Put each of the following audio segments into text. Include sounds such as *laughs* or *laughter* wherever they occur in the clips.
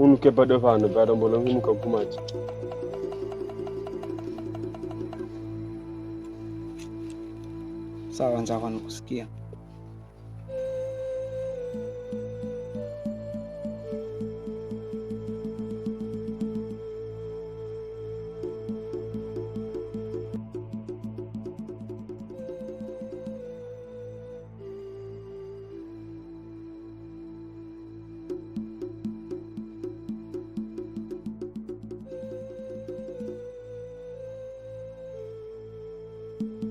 unuke pado fano padombolo ngimuka kumachi sawa, nzakwa nikusikia. thank you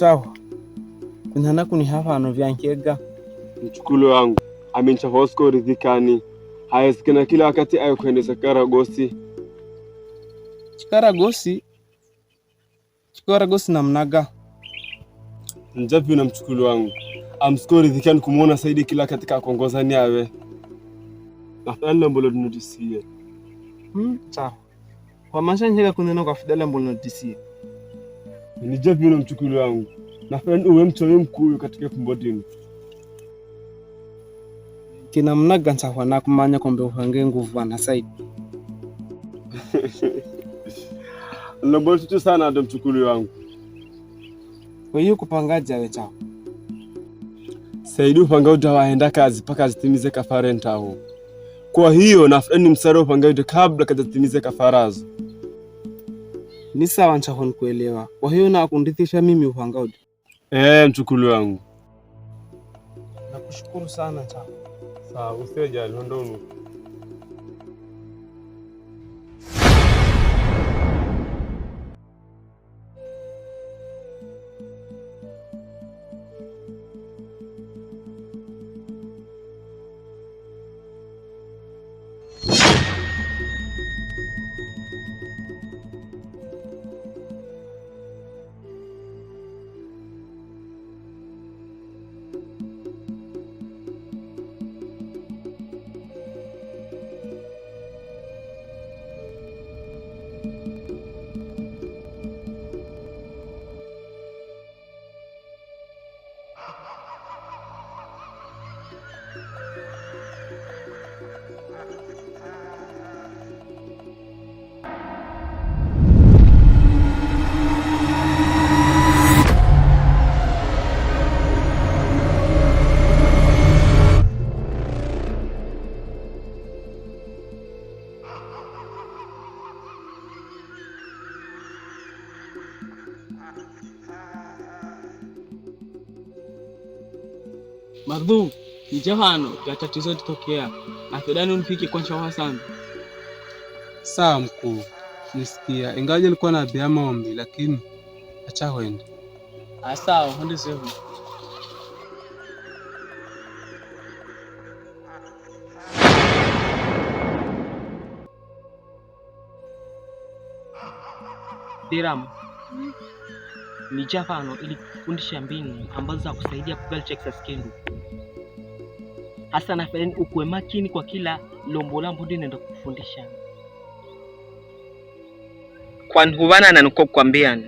sawa kunthana kunihafano vyankega mchukulu wangu amincha hosko ridhikani hayesikana kila wakati ayekuendesa kikaragosi chikaragosi chikaragosi namnaga njapi na mchukulu wangu amsiko ridhikani kumwona saidi kila wakati kakongozani awe afadhali nambolo linotisia hmm, sawa kwa masha ncheka kunthena kwa afadhali nambolo linotisia Nilijaviona mchukuli wangu nafanya uwe mchawi mkuu katika fumbotini kinamnagantsahwa nakumanya kombe uhange nguvu wana saidi *laughs* nlobolichitu sana ado mchukuli wangu weyu kupangaja wechao saidi upanga uda waenda kazi mpaka azitimize kafara ntahu kwa hiyo nafudani msara upanga uja kabla zitimize kafarazo ni sawa, nchahoni kuelewa Kwa hiyo nakundithisha mimi uhangaudi. Eh, mchukulu wangu, nakushukuru sana. Sawa, usijali, ondoka. Madhu ni jahano ya tatizo litokea, athadani unifike kwancha wa sana. Sawa mkuu, nisikia ingawaje nilikuwa na bia maombi, lakini acha wende. Sawa hundi zehu. Diram. Hmm? ni ano ili kufundisha mbinu ambazo za kusaidia check Texas skendu Hasa nafadhali ukuwe makini kwa kila lombo lambo ndio naenda kufundisha kwa nhuwana na niko kukwambia.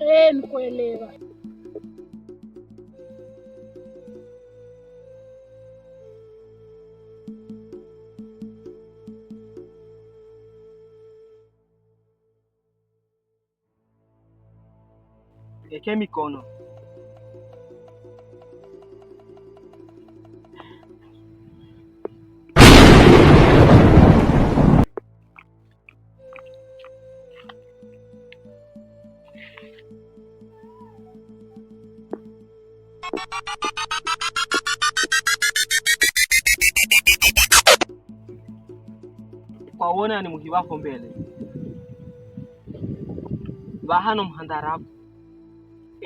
Eh, nikuelewa. niweke mikono. Kwawona ni muhiwako mbele vahano mhandarapo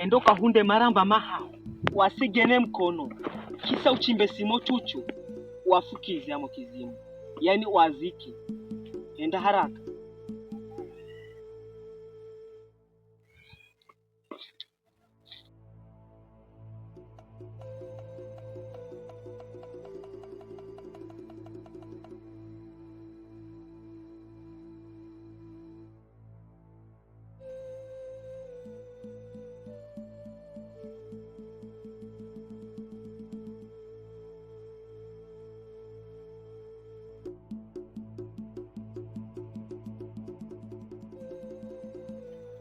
endoka hunde maramba maha wasigene mkono kisa uchimbe simo chuchu wafukizi amo kizimu, yani waziki enda haraka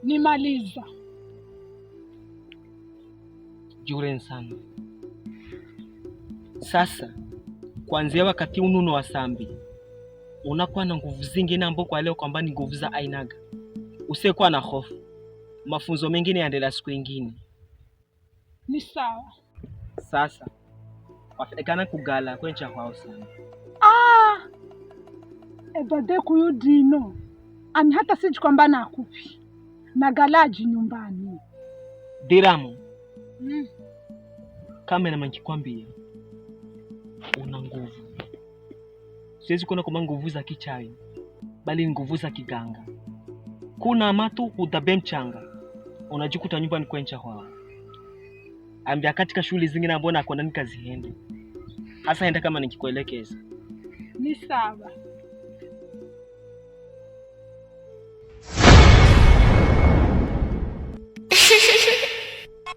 nimaliza. Juren sana. Sasa kuanzia wakati ununo wa sambi unakuwa na nguvu zingine ambao kwa leo kwamba ni nguvu za ainaga, usikuwa na hofu. Mafunzo mengine yaendelea siku ingine. Ni sawa. Sasa wafikana kugala kwencha kwao sana ah! ebade kuyu dino ani hata siji kwamba nakupi na nyumbani. Diramu mm. Kamera mankikwambia una nguvu, siwezi kuona kama nguvu za kichawi, bali nguvu za kiganga. Kuna matu hutabe mchanga, unajikuta nyumbani kwencha hwao ambia katika shughuli zingine ambao nakwenda nikaziende hasa, enda kama nikikuelekeza ni sawa.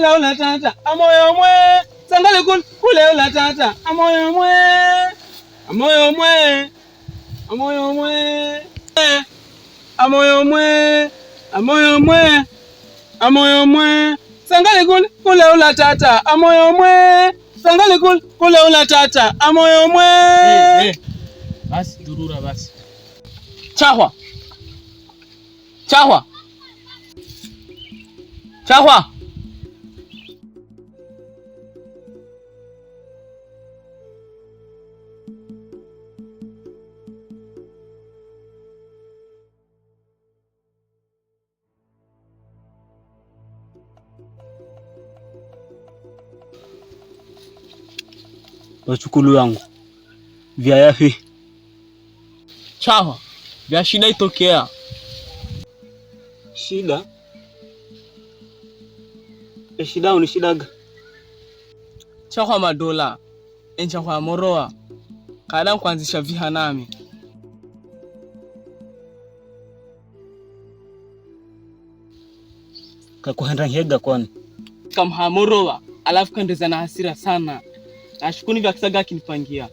kula ula tata amoyo mwe sangali kule ula tata amoyo mwe amoyo mwe amoyo mwe amoyo mwe amoyo mwe amoyo mwe sangali kule ula tata amoyo mwe sangali kule ula tata amoyo mwe. Eh, eh. Basi durura basi, chahwa chahwa chahwa wachukulu yangu vya yafi chawa vya shida itokea shida e shida unishidaga chahwa madola enchahwa moroa kada kuanzisha viha nami kakuhenda hega kwani kamha moroa alafu kandeza na hasira sana Ashukuni vya kisaga akinipangia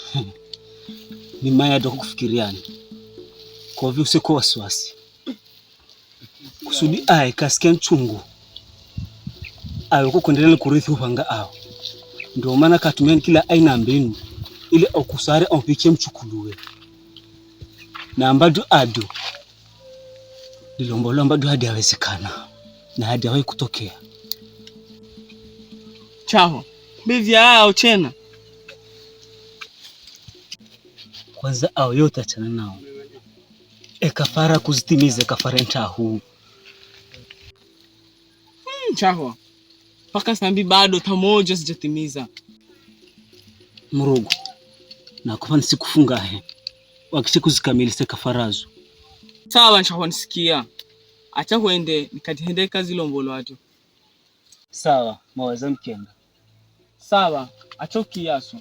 *laughs* ni maya toka kufikiriani. kwa hivyo, usiko wasiwasi kusudi ae kasikia mchungu aweko kuendelea kurithi upanga ao, ndio maana katumiani kila aina mbinu ili okusare ompikie mchukuluwe na ambadu adu lilombolo ambadu hadi awezekana na hadi awe kutokea chao Bivya hao chena kwanza ao yote achana nao, ekafara kuzitimiza ekafara ntahu hmm, chahwa mpaka sambi bado tamoja sijatimiza nakufa nisikufunga he wakishe kuzikamilisa kafarazo sawa nshahwa nisikia acha huende nikatihende kazi lombolwatu sawa maweza mkenda sawa acho kiaso